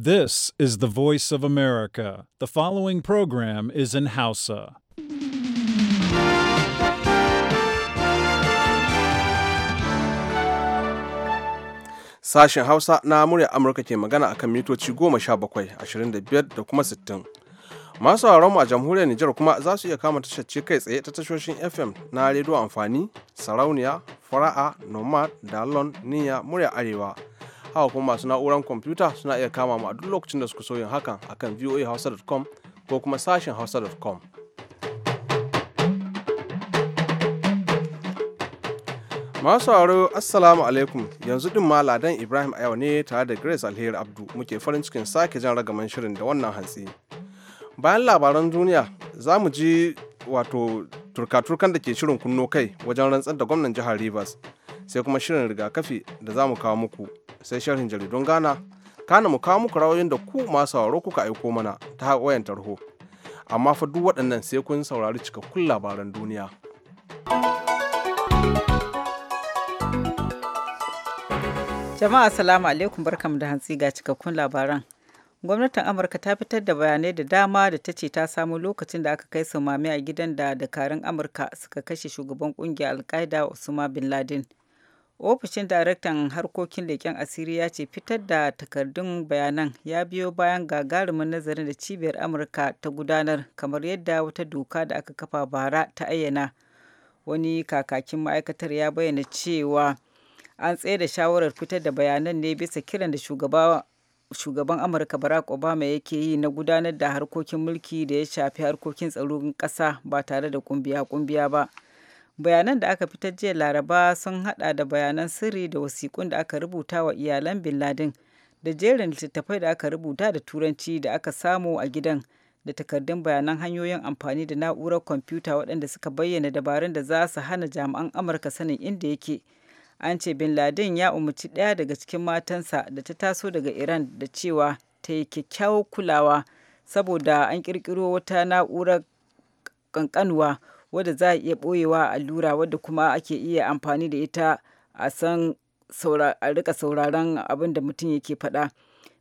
This is the voice of America. The following program is in Hausa. Sashen Hausa na murya Amurka ke magana a kan mitoci bakwai, ashirin da biyar da kuma sittin, Masu sauraron a jamhuriyar Nijar kuma za su iya kama tashar kai tsaye ta tashoshin FM na rediyo amfani, sarauniya, fara'a, nomad, dalon, Niya murya arewa. haka kuma masu na'urar kwamfuta suna iya kama mu a duk lokacin da suka so yin hakan akan voahausa.com ko kuma sashen hausa.com masu sauraro assalamu alaikum yanzu din ma ladan ibrahim a yau ne tare da grace alheri abdu muke farin cikin sake jan ragaman shirin da wannan hantsi bayan labaran duniya za mu ji wato turka-turkan da ke shirin kunno kai wajen rantsar da gwamnan jihar rivers sai kuma shirin rigakafi da za mu kawo muku sai sharhin jaridun gana kana mu kawo muku rawayoyin da ku masu sauraro kuka aiko mana ta wayan tarho amma fa duk waɗannan sai kun saurari cikakkun labaran duniya. Jama'a assalamu alaikum barkamu da hantsi ga cikakkun labaran. gwamnatin amurka ta fitar da bayanai da dama da ta ce ta samu lokacin da aka kai samami a gidan da dakarun amurka suka kashe shugaban kungiyar alkaida usama bin laden ofishin daraktan harkokin leƙen asiri ya ce fitar da takardun bayanan ya biyo bayan gagarumin nazarin da cibiyar amurka ta gudanar kamar yadda wata doka da aka kafa bara ta ayyana wani kakakin ma'aikatar ya bayyana cewa an tsaye da shawarar fitar da bayanan ne bisa kiran da shugaban amurka barack obama yake yi na gudanar da harkokin mulki da ya shafi harkokin tsaron ƙasa ba tare da ƙungiya kumbiya ba. bayanan da aka fitar jiya laraba sun hada da bayanan sirri da wasiƙun da aka rubuta wa iyalan bin ladin da jerin littattafai da aka rubuta da turanci da aka samu a gidan da takardun bayanan hanyoyin amfani da na'urar kwamfuta waɗanda suka bayyana dabarun da za su hana jami'an amurka sanin inda yake an ce bin ladin ya umarci ɗaya daga cikin matansa da ta taso daga iran da cewa ta yi kyakkyawar kulawa saboda an ƙirƙiro wata na'urar ƙanƙanuwa wadda za a iya ɓoyewa allura wadda kuma ake iya amfani da ita a san a rika sauraron abin da mutum yake faɗa.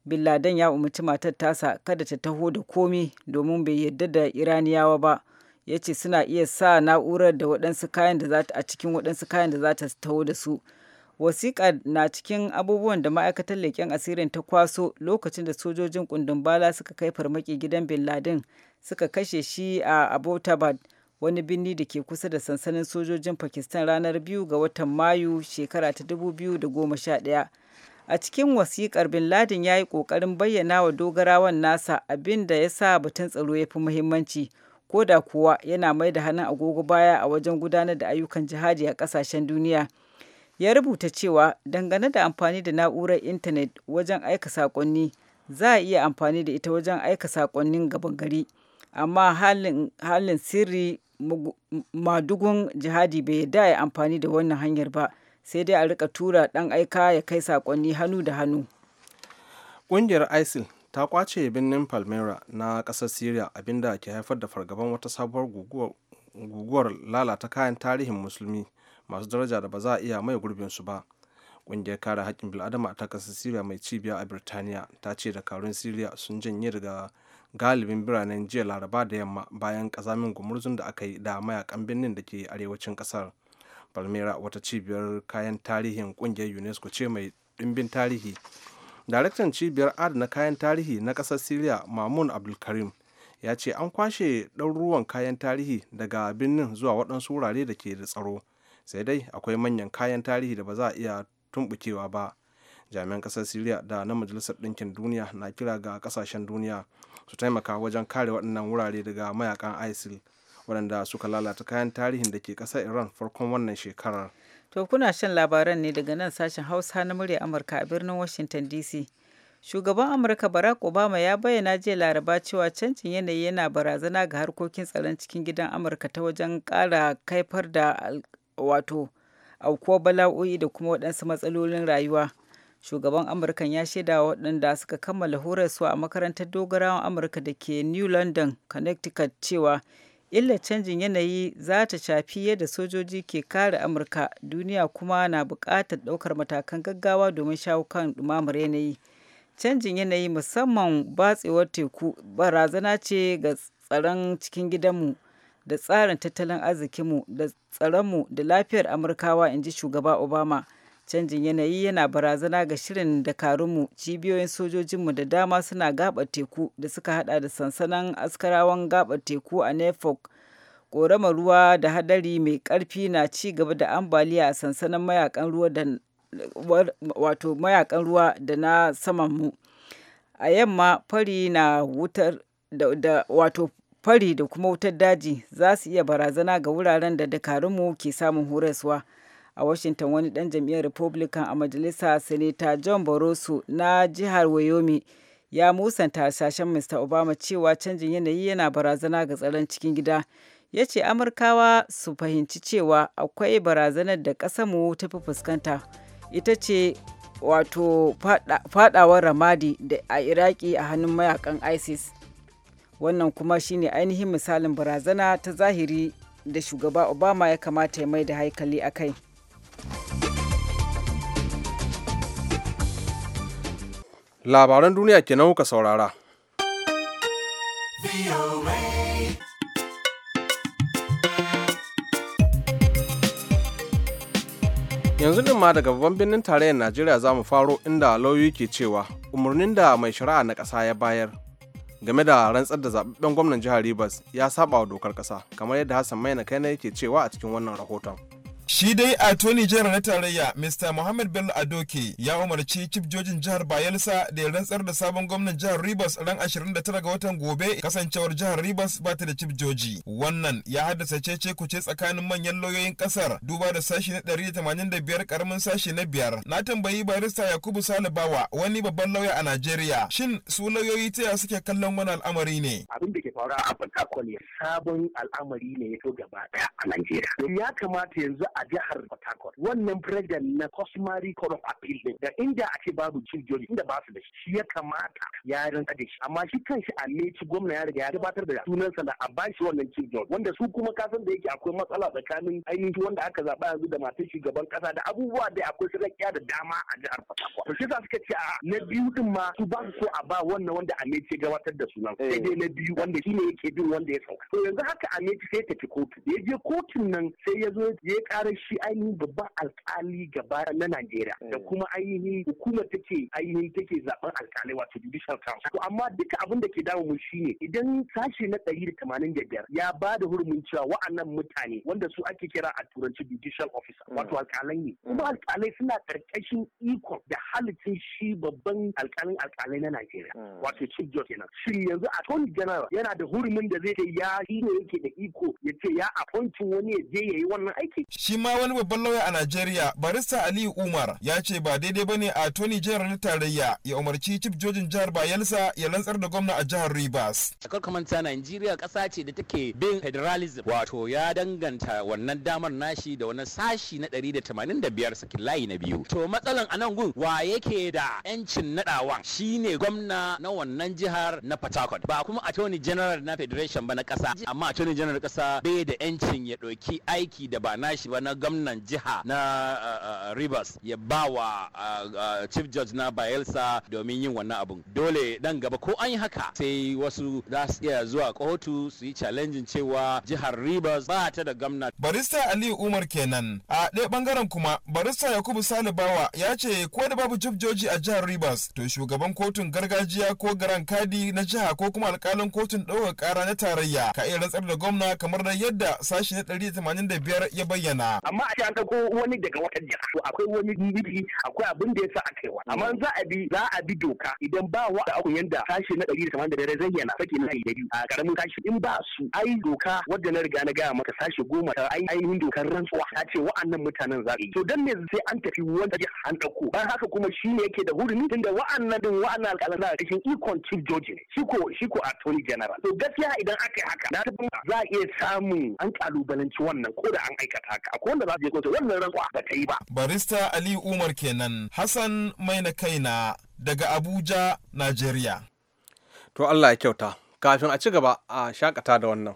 Bin Laden ya umarci matar tasa kada ta taho da komi domin bai yarda da Iraniyawa ba. Ya ce suna iya sa na'urar da waɗansu kayan da za a cikin waɗansu kayan da za ta taho da su. Wasiƙa na cikin abubuwan da ma'aikatar leƙen asirin ta kwaso lokacin da sojojin kundin suka kai farmaki gidan Bin Laden suka kashe shi a Abbottabad. wani birni da ke kusa da sansanin sojojin pakistan ranar biyu ga watan mayu shekara ta 2011 a cikin wasiƙar bin ladin ya yi ƙoƙarin bayyana wa dogarawan nasa abin da ya sa batun tsaro ya fi muhimmanci ko da kuwa yana mai da hannun agogo baya a wajen gudanar da ayyukan jihadi a ƙasashen duniya ya rubuta cewa dangane da amfani da na'urar intanet wajen aika saƙonni za a iya amfani da ita wajen aika saƙonnin gaban gari amma halin sirri madugun jihadi bai yarda ya amfani da wannan hanyar ba sai dai a rika tura dan aika ya kai sakonni hannu da hannu ƙungiyar isil ta kwace birnin palmyra na ƙasar syria abinda ke haifar da fargaban wata sabuwar guguwar lalata kayan tarihin musulmi masu daraja da ba za a iya mai gurbin su ba ƙungiyar kare haƙƙin bil'adama ta ƙasar syria mai cibiya a birtaniya ta ce dakarun syria sun janye daga galibin biranen jiya laraba da yamma bayan kazamin gumurzun da aka yi da mayakan birnin da ke arewacin kasar palmera wata cibiyar kayan tarihin kungiyar unesco ce mai dimbin tarihi daraktan cibiyar adana kayan tarihi na kasar syria mamun abdulkarim ya ce an kwashe ɗaruruwan kayan tarihi daga birnin zuwa waɗansu wurare da ke da tsaro sai dai akwai manyan kayan tarihi da ba za a iya tumbukewa ba jami'an ƙasar syria da na majalisar ɗinkin duniya na kira ga ƙasashen duniya su taimaka wajen kare waɗannan wurare daga mayakan isil waɗanda suka lalata kayan tarihin da ke ƙasar iran farkon wannan shekarar to kuna shan labaran ne daga nan sashen hausa na murya amurka a birnin washington dc shugaban amurka barack obama ya bayyana jiya laraba cewa canjin yanayi yana barazana ga harkokin tsaron cikin gidan amurka ta wajen ƙara kaifar da wato aukuwa bala'o'i da kuma waɗansu matsalolin rayuwa shugaban amurka ya shaida waɗanda suka kammala horaswa a makarantar dogarawan amurka da ke new london connecticut cewa illar canjin yanayi za ta shafi yadda sojoji ke kare amurka duniya kuma na buƙatar ɗaukar matakan gaggawa domin shawo kan ɗumamar yanayi canjin yanayi musamman batsewar teku barazana ce ga tsaron cikin gidanmu da tsarin tattalin arzikinmu da tsaronmu da lafiyar amurkawa in ji shugaba obama Canjin yanayi yana barazana ga shirin dakarunmu, cibiyoyin sojojinmu da dama suna gabar teku da suka hada da sansanin askarawan gabar teku a nefok Ƙoramar ruwa da hadari mai ƙarfi na ci gaba da ambaliya a sansanin mayakan ruwa da na saman mu. A yamma fari na wutar da, da wato fari da kuma wutar daji za su iya barazana ga wuraren da dakarunmu ke samun horaswa. a washington wani dan jam'iyyar republican a majalisa senator john borosu na jihar wyoming ya musanta hasashen mr obama cewa canjin yanayi yana barazana ga tsaron cikin gida ya ce amurkawa su fahimci cewa akwai barazanar da ƙasarmu ta fi fuskanta ita ce wato fadawar ramadi da a iraki a hannun mayakan isis wannan kuma shine ainihin misalin barazana ta zahiri da shugaba obama ya kamata ya mai da haikali a kai Labaran duniya kenan kuka saurara. yanzu din ma daga babban birnin tarayyar najeriya za mu faro inda lauyoyi ke cewa umarnin da mai shari'a na ƙasa ya bayar game da rantsar da zaɓaɓɓen gwamnan jihar rivers ya saba wa dokar ƙasa kamar yadda hassan maina kaina yake cewa a cikin wannan rahoton Shi dai Attorney General na tarayya Mr. Muhammad Bello Adoke ya umarci Chief Jojin jihar Bayelsa da ya rantsar da sabon gwamnan jihar Rivers ran 29 ga watan gobe kasancewar jihar Rivers ba ta da Chief Joji. Wannan ya haddasa cece kuce tsakanin manyan lauyoyin kasar duba da sashi na 185 karamin sashi na biyar. Na tambayi barista Yakubu Salibawa wani babban lauya a Najeriya. Shin su lauyoyi ta suke kallon wani al'amari ne? Abin da ke faruwa a Port sabon al'amari ne ya gaba daya a Najeriya. Ya kamata yanzu a jihar Port wannan president na customary court of appeal din da inda ake babu cin judge inda ba su da shi shi ya kamata ya rinka da shi amma shi kanshi a leci gwamna ya riga ya gabatar da sunansa da a bashi wannan chief judge wanda su kuma kasan da yake akwai matsala tsakanin ainihin wanda aka zaba yanzu da matar shugaban kasa da abubuwa da akwai su da dama a jihar Port to shi sa suka ce a na biyu din ma su ba su so a ba wannan wanda a leci gabatar da sunan eh. sai dai na biyu wanda shine yake bin wanda ya sauka to yanzu haka a sai ta fi kotu da ya je kotun nan sai ya zo ya ƙara akwai shi ainihin babban alkali gaba na Najeriya da mm. kuma ainihin hukumar take ainihin take zaben alkalai wato judicial council to amma duka abin da ke damu mu shine idan sashi na ɗari da tamanin da biyar ya ba da hurumin cewa wa'annan mutane wanda su ake kira a turanci judicial officer wato mm. alkalai ne kuma alkalai suna karkashin iko da halittin shi babban alkalin alkalai na Najeriya mm. wato chief judge kenan shi yanzu attorney general yana da hurumin da zai ya shi ne yake da iko ya ce ya appoint wani ya je yayi wannan aiki shi ma wani babban lauya a Najeriya barista Aliyu Umar ya ce ba daidai ba ne a Tony jihar na tarayya ya umarci cif jojin jihar Bayelsa ya lantsar da gwamna a jihar Rivers. Sakar kamanta Najeriya ƙasa ce da take bin federalism wato ya danganta wannan damar nashi da wani sashi na 185 sakin layi na biyu. To matsalan a nan gun wa yake da 'yancin naɗawa shine gwamna na wannan jihar na Port ba kuma attorney general na federation ba na ƙasa amma attorney general ƙasa bai da 'yancin ya ɗauki aiki da ba nashi ba na gwamnan jiha na uh, uh, Rivers ya ba wa uh, Chief Judge na Bayelsa domin yin wannan abun. Dole dan gaba ko an yi haka sai wasu za su iya zuwa kotu su yi challenging cewa jihar Rivers ba ta da gwamna. Barista Aliyu Umar kenan. A ɗaya bangaren kuma barista Yakubu Salibawa ya ce ko da babu Chief judge a jihar Rivers to shugaban kotun gargajiya ko garan kadi na jiha ko kuma alkalin kotun ɗaukar kara na tarayya ka iya rantsar da gwamna kamar da yadda sashi na 185 ya bayyana. amma a an ɗauko wani daga wata jiha to akwai wani nufi akwai abin da ya sa kaiwa wa amma za a bi za a bi doka idan ba wa da abu yanda tashi na ɗari da da zai yana sake na da dari. a karamin kashi in ba su ai doka wadda na riga na gaya maka sashi goma ta ainihin dokar rantsuwa ta ce wa'annan mutanen za to dan me sai an tafi wani jiha an ɗauko bayan haka kuma shi ne yake da hurumi tunda wa'annan din wa'annan alƙalan a cikin ikon chief judge ne shi ko shi ko attorney general to gaskiya idan aka yi haka na tabbata za a iya samun an kalubalanci wannan ko da an aikata haka wanda za su je kotu wannan rantsuwa ba ta yi ba. barista ali umar kenan hassan mai na kaina daga abuja Najeriya. to allah ya kyauta kafin a ci gaba a shakata da wannan.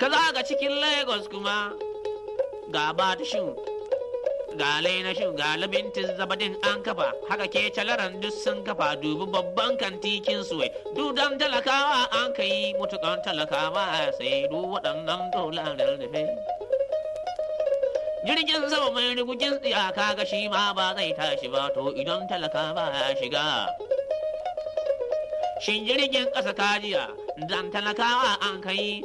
ka za ga cikin lagos kuma ga batushin ga shu. ga labintin zabadin an kafa haka ke calaran duk sun kafa dubi babban kantikin suwai dudan talakawa an ka yi mutukan talakawa sai du waɗannan dolarar da jirgin sama mai rigugin tsiyaka ga shi ma ba zai tashi ba to idan talaka ya shiga shin jirgin ƙasa kajiya dan talakawa an kai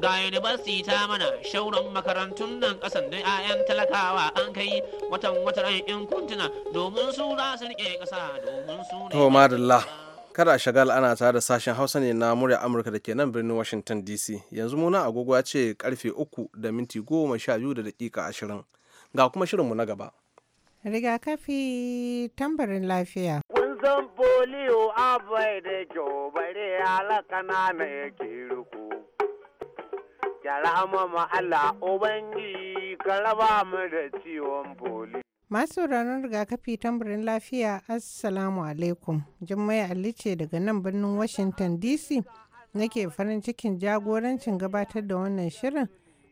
ga yunibarsi ta mana shauran makarantun nan kasan da 'ya'yan talakawa an kai watan watan in kuntuna domin su za su rike kasa domin su ne to madalla kada shagal ana tare da sashen hausa ne na murya amurka da ke nan birnin washington dc yanzu muna agogo ya ce karfe uku da minti goma sha biyu da dakika ashirin ga kuma shirinmu na gaba rigakafi tambarin lafiya zan polio abai da kyau bare alaka na mai kiruku ya Allah Ubangiji ka raba mu da ciwon boli. Masu ranar rigakafi tambarin lafiya Assalamu alaikum. Jummai Ali ce daga nan birnin Washington DC nake farin cikin jagorancin gabatar da wannan shirin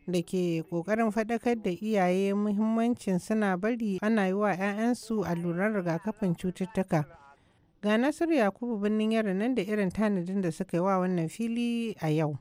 da ke kokarin faɗakar da iyaye muhimmancin suna bari ana yi wa 'ya'yansu alluran rigakafin cututtuka. Ga Nasiru Yakubu birnin yaro nan da irin tanadin da suka yi wa wannan fili a yau.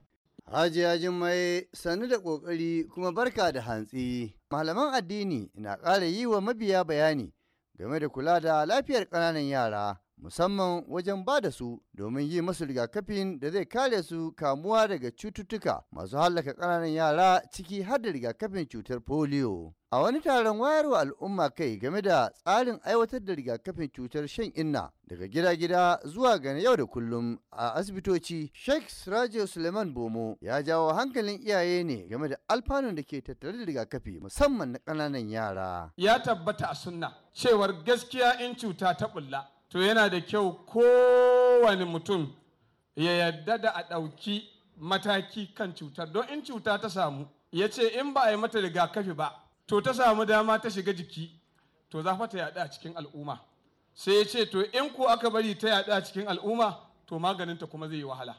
Hajiya Jummai sannu da ƙoƙari kuma barka da hantsi. Malaman addini na ƙara yi wa mabiya bayani game da kula da lafiyar ƙananan yara musamman wajen ba da su domin yi masu rigakafin da zai kare su kamuwa daga cututtuka masu hallaka ƙananan yara ciki har da rigakafin cutar polio. A wani taron wayarwa al'umma kai game da tsarin aiwatar da rigakafin cutar shan inna daga gida-gida zuwa ga yau da kullum a asibitoci, Sheikh Sirajo Suleiman Bomo ya jawo hankalin iyaye ne game da alfanun da ke tattare da rigakafi musamman na ƙananan yara. Ya tabbata a sunna cewar gaskiya in cuta ta bulla to yana da kyau kowane mutum ya yarda da a ɗauki mataki kan cutar don in cuta ta samu ya ce in ba a yi mata rigakafi ba to ta samu dama ta shiga jiki to za ta yaɗa a cikin al'umma sai ya ce to in ko aka bari ta yaɗa a cikin al'umma to maganinta kuma zai yi wahala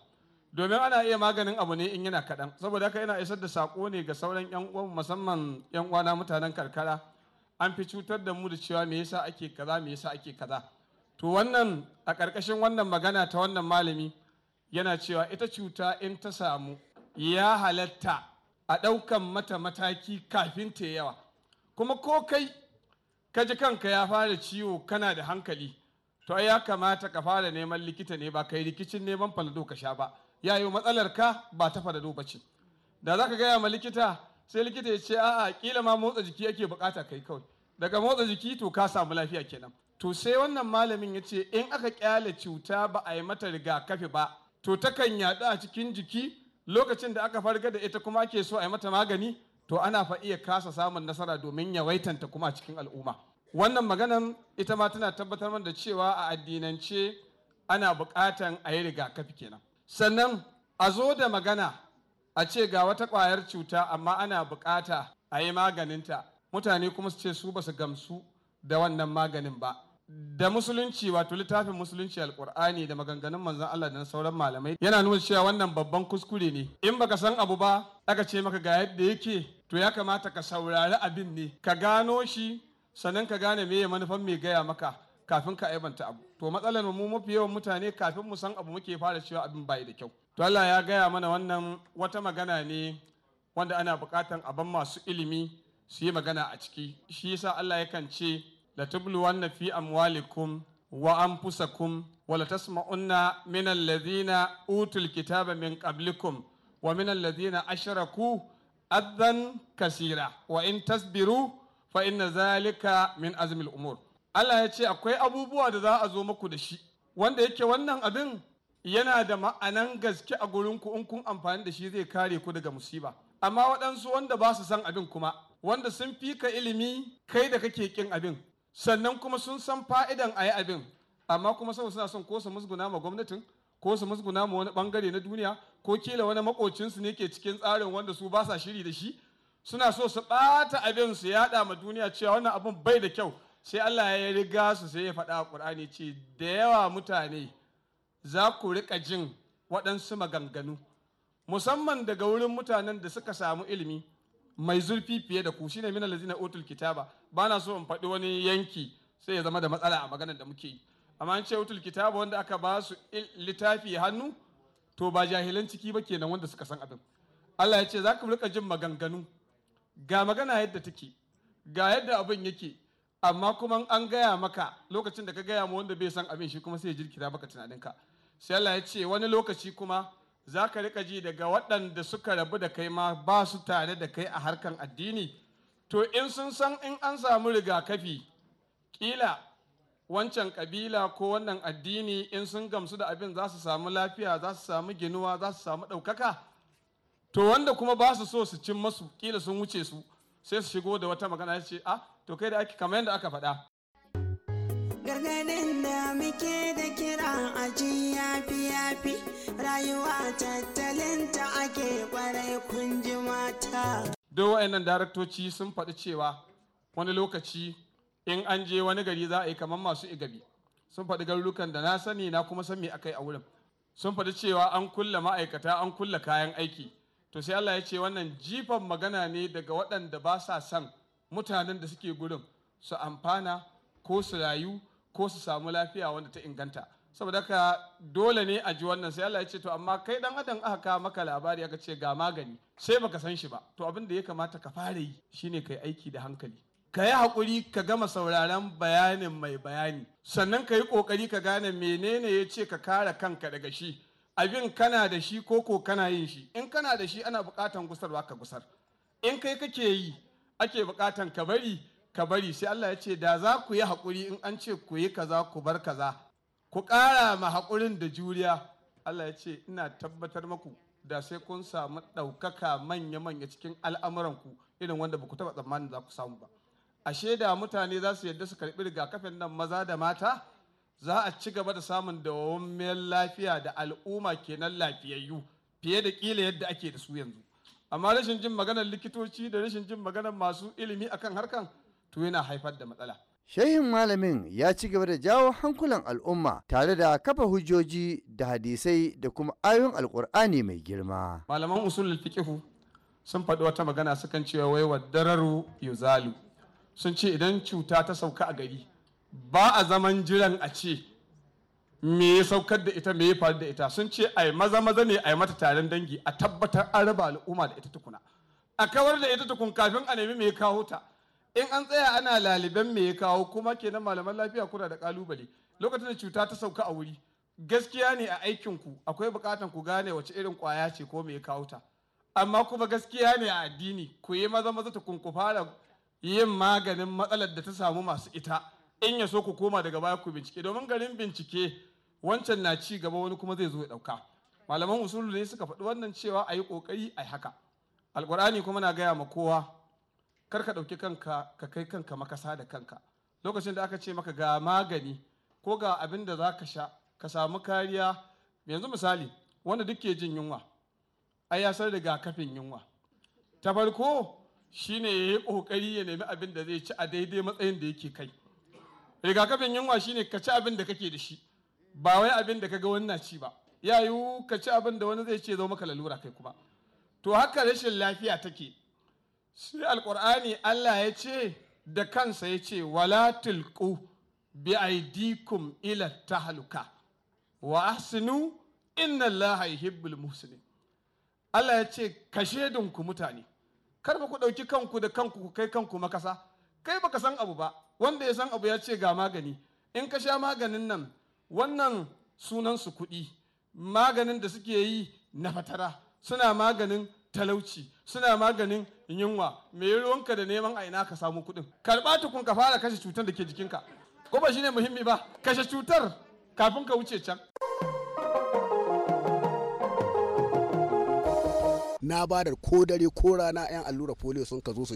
domin ana iya maganin abu ne in yana kaɗan saboda haka yana isar da saƙo ne ga sauran 'yan uwa musamman 'yan uwana mutanen karkara an fi cutar da mu da cewa me yasa ake kaza me yasa ake kaza to wannan a ƙarƙashin wannan magana ta wannan malami yana cewa ita cuta in ta samu ya halatta a ɗaukan mata mataki kafin ta yawa kuma ko kai ka ji kanka ya fara ciwo kana da hankali to ya kamata ka fara neman likita ne ba kai rikicin neman falado ka sha ba ya yi matsalar ka ba ta falado ba ce da za ka gaya ma likita sai likita ya ce a'a kila ma motsa jiki yake bukata kai kawai daga motsa jiki to ka samu lafiya kenan to sai wannan malamin ya ce in aka kyale cuta ba a yi mata rigakafi ba to takan yaɗu a cikin jiki lokacin da aka farga da ita kuma ake so a yi mata magani to ana fa iya kasa samun nasara domin yawaitanta kuma a cikin al'umma wannan maganan ita ma tana tabbatar da cewa a addinance ana buƙatan a yi rigakafi kenan sannan a zo da magana a ce ga wata ƙwayar cuta amma ana buƙata a yi maganinta mutane kuma su ce su ba su gamsu da wannan maganin ba da musulunci wato littafin musulunci alkur'ani da maganganun manzon Allah da sauran malamai yana nuna cewa wannan babban kuskure ne in baka san abu ba aka ce maka ga yadda yake to ya kamata ka saurari abin ne ka gano shi sannan ka gane meye manufan mai gaya maka kafin ka aibanta abu to matsalar mu mafi yawan mutane kafin mu san abu muke fara cewa abin bai da kyau to Allah ya gaya mana wannan wata magana ne wanda ana bukatan aban masu ilimi su yi magana a ciki shi yasa Allah yakan ce latubluwanna fi amwalikum wa anfusakum wa tasma'unna min alladhina utul kitaba min qablikum wa min alladhina ashraku adhan kasira wa in tasbiru fa inna zalika min azmil umur Allah ya ce akwai abubuwa da za a zo muku da shi wanda yake wannan abin yana da ma'anan gaske a gurinku in kun amfani da shi zai kare ku daga musiba amma waɗansu wanda ba su san abin kuma wanda sun fi ka ilimi kai da kake kin abin sannan kuma sun san fa'idan a yi abin amma kuma saboda suna son ko su musguna ma gwamnatin ko su musguna ma wani bangare na duniya ko kila wani makocinsu ne ke cikin tsarin wanda su ba sa shiri da shi suna so su ɓata abin su yaɗa ma duniya cewa wannan abin bai da kyau sai Allah ya riga su sai ya faɗa a Ƙur'ani ce da yawa mutane za ku riƙa jin waɗansu maganganu musamman daga wurin mutanen da suka samu ilimi mai zurfi fiye da ku shi ne min allazina utul kitaba ba na so in faɗi wani yanki sai ya zama da matsala a maganar da muke yi amma an ce utul kitaba wanda aka ba su littafi hannu to ba jahilan ciki ba kenan wanda suka san abin Allah ya ce za ka rika jin maganganu ga magana yadda take ga yadda abin yake amma kuma an gaya maka lokacin da ka gaya ma wanda bai san abin shi kuma sai ya jirkita maka tunaninka sai Allah ya ce wani lokaci kuma za ka rika ji daga waɗanda suka rabu da kai ma ba su tare da kai a harkan addini to in sun san in an samu rigakafi ƙila wancan ƙabila ko wannan addini in sun gamsu da abin za su samu lafiya za su samu ginuwa za su samu ɗaukaka to wanda kuma ba su so su cin masu ƙila sun wuce su sai su shigo da wata magana ce a ah, to kai da ake kamar yadda aka faɗa gargaɗin da muke da kira a yafi yafi rayuwa tattalinta ake kwarai kun mata duk wa'annan daraktoci sun faɗi cewa wani lokaci in an je wani gari za a yi kamar masu igabi sun faɗi garurukan da na sani na kuma san me aka yi a wurin sun faɗi cewa an kulla ma'aikata an kulla kayan aiki to sai Allah ya ce wannan jifan magana ne daga waɗanda ba sa son mutanen da suke gurin su amfana ko su rayu ko su samu lafiya wanda ta inganta saboda ka dole ne a ji wannan sai Allah ya ce to amma kai dan adam aka kawo maka labari aka ce ga magani sai baka san shi ba to abin da ya kamata ka fara yi shine kai aiki da hankali ka yi hakuri ka gama sauraron bayanin mai bayani sannan ka yi ƙoƙari ka gane menene ya ce ka kare kanka daga shi abin kana da shi ko ko kana yin shi in kana da shi ana buƙatan gusarwa ka gusar in kai kake yi ake buƙatan ka bari ka bari sai Allah ya ce da za ku yi hakuri in an ce ku yi kaza ku bar kaza ku ƙara ma haƙurin da juriya Allah ya ce ina tabbatar maku da sai kun samu ɗaukaka manya-manya cikin al'amuranku irin wanda ba ku taɓa tsammani za ku samu ba ashe da mutane za su yadda su karɓi rigakafin nan maza da mata za a ci gaba da samun dawwammiyar lafiya da al'umma kenan lafiyayyu fiye da ƙila yadda ake da su yanzu amma rashin jin maganar likitoci da rashin jin maganar masu ilimi akan harkan to yana haifar da matsala Shehin malamin ya ci gaba da jawo hankulan al'umma tare da kafa hujjoji da hadisai da kuma ayoyin alkur'ani mai girma. Malaman usulul fiqhu sun faɗi wata magana sukan cewa wai waddararu yuzalu sun ce idan cuta ta sauka a gari ba a zaman jiran a ce me ya saukar da ita me ya faru da ita sun ce ai maza maza ne ai mata taron dangi a tabbatar an raba al'umma da ita tukuna a kawar da ita tukun kafin a nemi me ya kawo ta in an tsaya ana laliban me ya kawo kuma kenan malaman lafiya kuna da kalubale lokacin da cuta ta sauka a wuri gaskiya ne a aikin ku akwai bukatan ku gane wace irin kwaya ce ko me ya kawo ta amma kuma gaskiya ne a addini ku yi maza maza ta kunku fara yin maganin matsalar da ta samu masu ita in ya so ku koma daga baya ku bincike domin garin bincike wancan na ci gaba wani kuma zai zo ya dauka malaman usulu ne suka faɗi wannan cewa a yi ƙoƙari a haka alkurani kuma na gaya ma kowa kar ka ɗauki kanka ka kai kanka makasa da kanka lokacin da aka ce maka ga magani ko ga abin da za ka sha ka samu kariya yanzu misali wanda duk ke jin yunwa ai ya san rigakafin yunwa ta farko shine ya yi ƙoƙari ya nemi abin da zai ci a daidai matsayin da yake kai rigakafin yunwa shine ka ci abin da kake da shi ba wai abin da kaga wannan ci ba yayu yiwu ka ci abin da wani zai ce zo maka lalura kai kuma to haka rashin lafiya take shi alkur'ani Allah ya ce da kansa ya ce wala tulqu bi aidikum ila tahaluka wa ahsinu inna allaha yuhibbul musulmi. Allah ya ce kashe shedunku mutane kar ba ku ɗauki kanku da kanku ku kai kanku makasa kai baka san abu ba wanda ya san abu ya ce ga magani in ka sha maganin nan wannan sunan su kuɗi maganin da suke yi na fatara suna maganin talauci suna maganin yunwa me ruwanka da neman a ina ka samu kuɗin karɓa tukun ka fara kashe cutar da ke jikinka ko ba ne muhimmi ba kashe cutar kafin ka wuce can na ba da ko dare ko rana yan allura polio sun ka zo su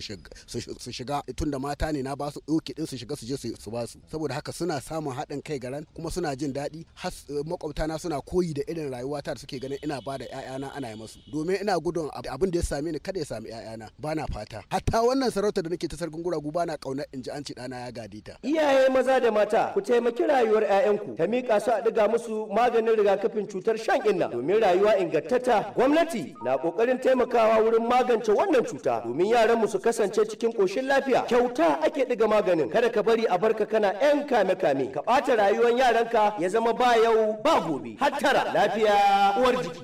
shiga tun da mata ne na ba su ɗauki ɗin su shiga su je su ba su saboda haka suna samun haɗin kai garan kuma suna jin daɗi eh, makwabta na suna koyi da irin rayuwa ta da suke ganin ina ba da ƴaƴana ana yi musu domin ina gudun abin da ya same ni kada ya sami ƴaƴana ba na fata hatta wannan sarauta da nake ta sarkin guragu ba na ƙaunar in ji an ci dana ya gade ta iyaye maza da mata ku taimaki rayuwar ƴaƴanku ta miƙa su a ɗiga musu maganin rigakafin cutar shan inna domin rayuwa ingantatta gwamnati na ƙoƙarin taimakawa wurin magance wannan cuta domin yaran mu su kasance cikin koshin lafiya kyauta ake diga maganin kada ka bari a barka kana yan kame kame ka ɓata rayuwar yaranka ya zama ba yau ba gobe hattara lafiya uwar jiki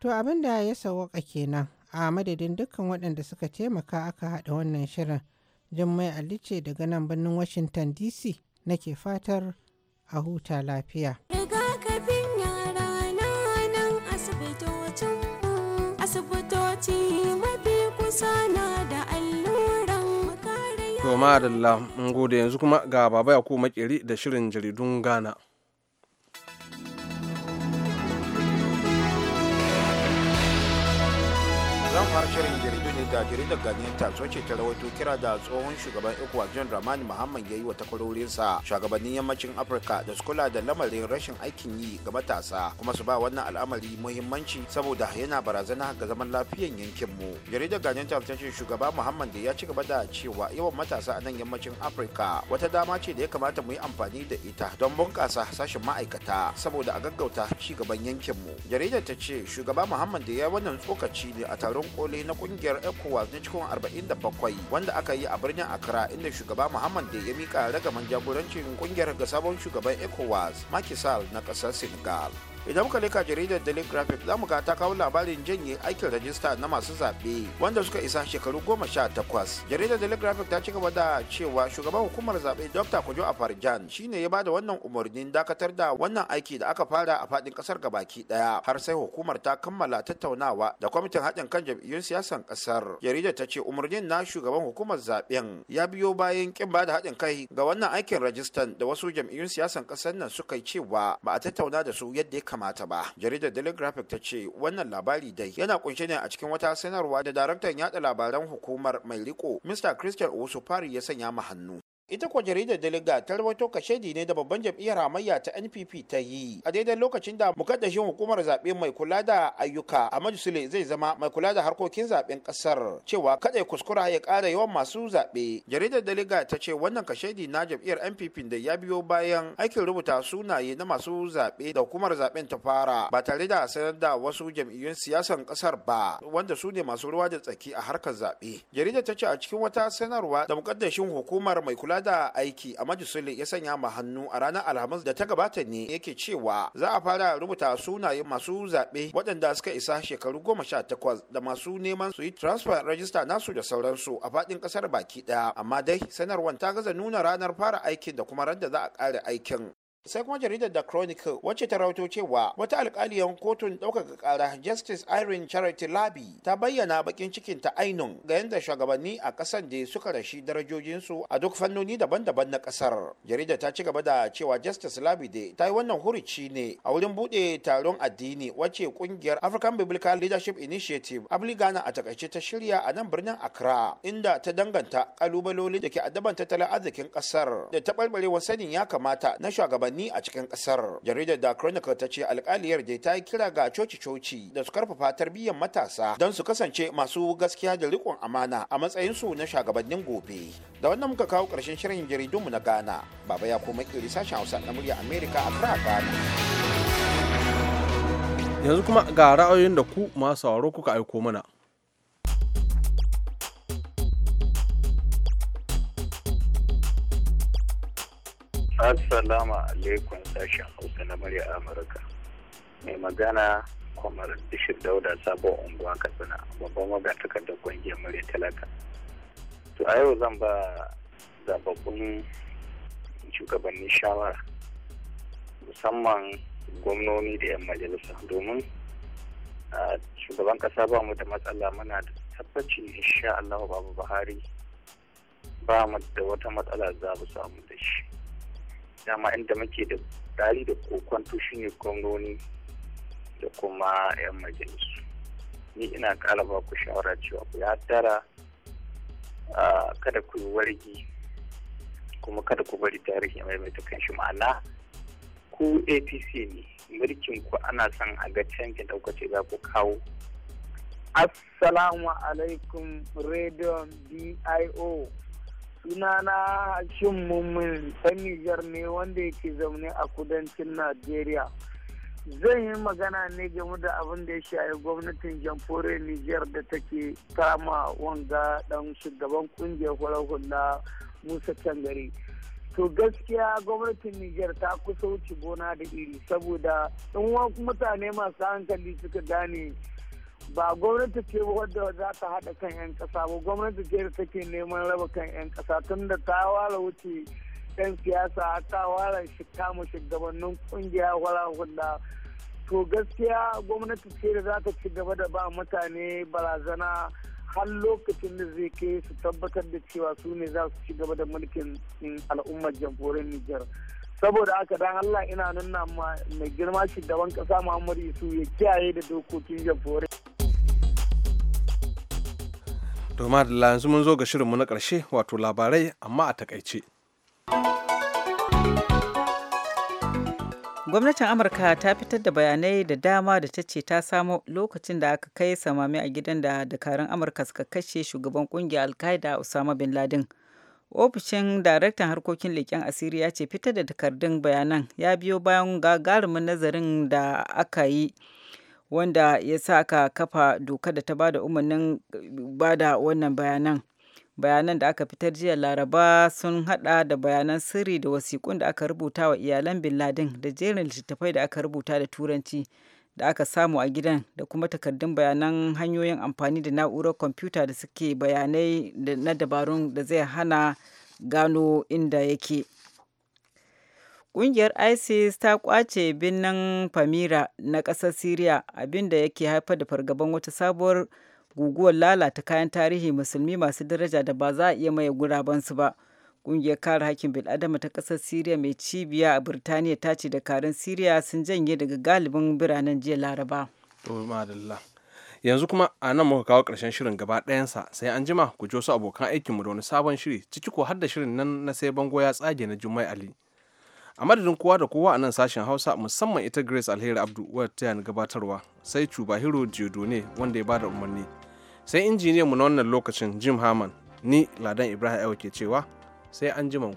To abin da ya sawaka kenan a madadin dukkan waɗanda suka taimaka aka haɗa wannan shirin Jummai Ali ce daga nan birnin Washington DC nake fatar a huta lafiya. To ma'adalla, mun gode yanzu kuma ga Baba Yakubu Makeri da shirin jaridun Ghana. zan fara shirin da jaridar ganyen ta ce ta rawaito kira da tsohon shugaban ecowas john dramani muhammad ya yi wa takwarorinsa shugabannin yammacin afirka da su kula da lamarin rashin aikin yi ga matasa kuma su ba wannan al'amari muhimmanci saboda yana barazana ga zaman lafiyan yankinmu jaridar ganyen ta ce shugaba muhammad ya ci gaba da cewa yawan matasa a nan yammacin afirka wata dama ce da ya kamata mu yi amfani da ita don bunkasa sashen ma'aikata saboda a gaggauta ci gaban yankinmu jaridar ta ce shugaba muhammad ya ya wannan tsokaci ne a taron kole na kungiyar ecowas na cikin 47 wanda aka yi a birnin accra inda shugaba muhammad da ya mika ragaman jagorancin kungiyar ga sabon shugaban ecowas makisal na kasar senegal idan muka leka jaridar daily graphic za mu ga ta kawo labarin janye aikin rajista na masu zaɓe wanda suka isa shekaru goma sha takwas jaridar daily graphic ta ci gaba da cewa shugaban hukumar zaɓe dr kujo afarjan shine ya bada wannan umarnin dakatar da wannan aiki da aka fara a faɗin ga baki ɗaya har sai hukumar ta kammala tattaunawa da kwamitin haɗin kan jam'iyyun siyasan ƙasar jaridar ta ce umarnin na shugaban hukumar zaɓen ya biyo bayan kin bada haɗin kai ga wannan aikin rajistan da wasu jam'iyyun siyasan ƙasar nan suka yi cewa ba a tattauna da su yadda ya kamata ba jaridar daily graphic ta ce wannan labari dai yana kunshe ne a cikin wata sanarwa da daraktan yada labaran hukumar mai riko mr christian osufari ya sanya ma hannu ita kuwa jaridar daliga ta rawaito kashedi ne da babban jam'iyyar hamayya ta npp ta yi a daidai lokacin da mukaddashin hukumar zaɓe mai kula da ayyuka a majusule zai zama mai kula da harkokin zaɓen ƙasar cewa kada kuskura ya kara yawan masu zaɓe jaridar daliga ta ce wannan kashedi na jam'iyyar npp da ya biyo bayan aikin rubuta sunaye na masu zaɓe da hukumar zaɓen ta fara ba tare da sanar da wasu jam'iyyun siyasan ƙasar ba wanda su ne masu ruwa da tsaki a harkar zaɓe jaridar ta ce a cikin wata sanarwa da mukaddashin hukumar mai kula da aiki a majisule ya sanya ma hannu a ranar alhamis da ta gabata ne yake cewa za a fara rubuta sunayen masu zaɓe waɗanda suka isa shekaru goma sha takwas da masu neman su yi transfer rajista nasu da sauransu a faɗin ƙasar baki ɗaya amma dai sanarwar ta gaza nuna ranar fara aikin da kuma randa za a ƙare aikin sai kuma jaridar da chronicle wacce ta rawato cewa wata alkaliyan kotun ɗaukaka ƙara justice irene charity labi ta bayyana bakin cikin ta ainun ga yadda shugabanni a ƙasar da suka rashi darajojinsu a duk fannoni daban-daban na ƙasar jaridar ta ci gaba da cewa justice labi da ta yi wannan hurici ne a wurin buɗe taron addini wacce ƙungiyar african biblical leadership initiative abligana a takaice ta shirya a nan birnin accra inda ta danganta ƙalubalolin da ke addaban tattalin arzikin ƙasar da ta ɓarɓarewa sanin ya kamata na shugabanni unguwanni a cikin kasar jaridar da chronicle ta ce alkaliyar da ta yi kira ga coci-coci da su karfafa tarbiyyar matasa don su kasance masu gaskiya da rikon amana a matsayin su na shugabannin gobe da wannan muka kawo karshen shirin jaridunmu na ghana baba ya koma kiri sashen hausa na murya america a kira ghana yanzu kuma ga ra'ayoyin da ku masu sauraro kuka aiko mana Assalamu alaikum sashen Hausa na murya Amurka. Mai magana Kwamar Bishir Dauda Sabo Unguwa Katsina, babban magatakar da kungiyar murya talaka. To a yau zan ba zababbun shugabannin shawara musamman gwamnoni da 'yan majalisa domin a shugaban kasa ba mu da matsala muna da tabbaci insha Allah babu Buhari ba mu da wata matsala za mu samu da shi. dama inda muke da tsari da kokonto shine gwamnoni da kuma 'yan majalisu ni ina kalaba ku shawara cewa ku tara kada ku yi wargi kuma kada ku bari tarihi mai mai kan shi ma'ana ku apc ne mulkin ku ana son a ga canjin daukace za ku kawo assalamu alaikum radio bio sunana na Mummin ɗan Nijar ne wanda yake zaune a kudancin Najeriya. Zan yi magana ne game da abin da ya shayi gwamnatin jamfore Nijar da take kama wanga ɗan shugaban ƙungiyar hula Musa Cangare. To gaskiya gwamnatin Nijar ta kusa wuce gona da iri saboda in mutane masu hankali suka gane ba gwamnati ce wadda za ta haɗa kan 'yan ƙasa ba gwamnati ce da take neman raba kan 'yan ƙasa tun da ta wala wuce 'yan siyasa ta wala shi kama shugabannin ƙungiya wala hula to gaskiya gwamnati ce da za ta ci gaba da ba mutane barazana har lokacin da zai kai su tabbatar da cewa su ne za su ci gaba da mulkin al'ummar jamhuriyar Nijar. saboda haka dan Allah ina nuna ma mai girma shugaban kasa Muhammadu Yusuf ya kiyaye da dokokin jamhuriyar Domin da yanzu mun zo ga shirinmu na ƙarshe wato labarai amma a takaice. Gwamnatin Amurka ta fitar da bayanai da dama da ta ce ta samo lokacin da aka kai samami a gidan da dakarun Amurka suka kashe shugaban kungiyar Al-Qaeda Osama bin Laden. Ofishin daraktan harkokin leƙen asiri ya ce fitar da takardun bayanan ya biyo bayan gagarumin nazarin da aka yi. wanda ya sa ka kafa doka da ta bada umarnin bada wannan bayanan bayanan da aka fitar jiya laraba sun hada da bayanan sirri da wasiƙun da aka rubuta wa iyalan bin ladin da jerin littattafai da aka rubuta da turanci da aka samu a gidan da kuma takardun bayanan hanyoyin amfani da na'urar kwamfuta da suke bayanai na dabarun da zai hana gano inda yake kungiyar ISIS ta kwace birnin pamira na kasar Siriya abinda yake haifar da fargaban wata sabuwar guguwar lalata kayan tarihi musulmi masu daraja da ba za a iya maye gurabansu ba. Ƙungiyar kare hakkin adama ta kasar Siriya mai cibiya a Birtaniya ta ce da dakarun Siriya sun janye daga galibin biranen jiya Laraba. Yanzu kuma a nan muka kawo ƙarshen shirin gaba ɗayansa sai an jima ku ji wasu abokan aikinmu da wani sabon shiri ciki ko har da shirin nan na sai bango ya tsage na Jummai Ali. a madadin kowa da kowa a nan sashen hausa musamman ita grace alheri abdu wadda ta yana gabatarwa sai cubahiro ne wanda ya bada umarni sai injiniyan mu na wannan lokacin jim haman ni ladan ibrahim ke cewa sai an ku.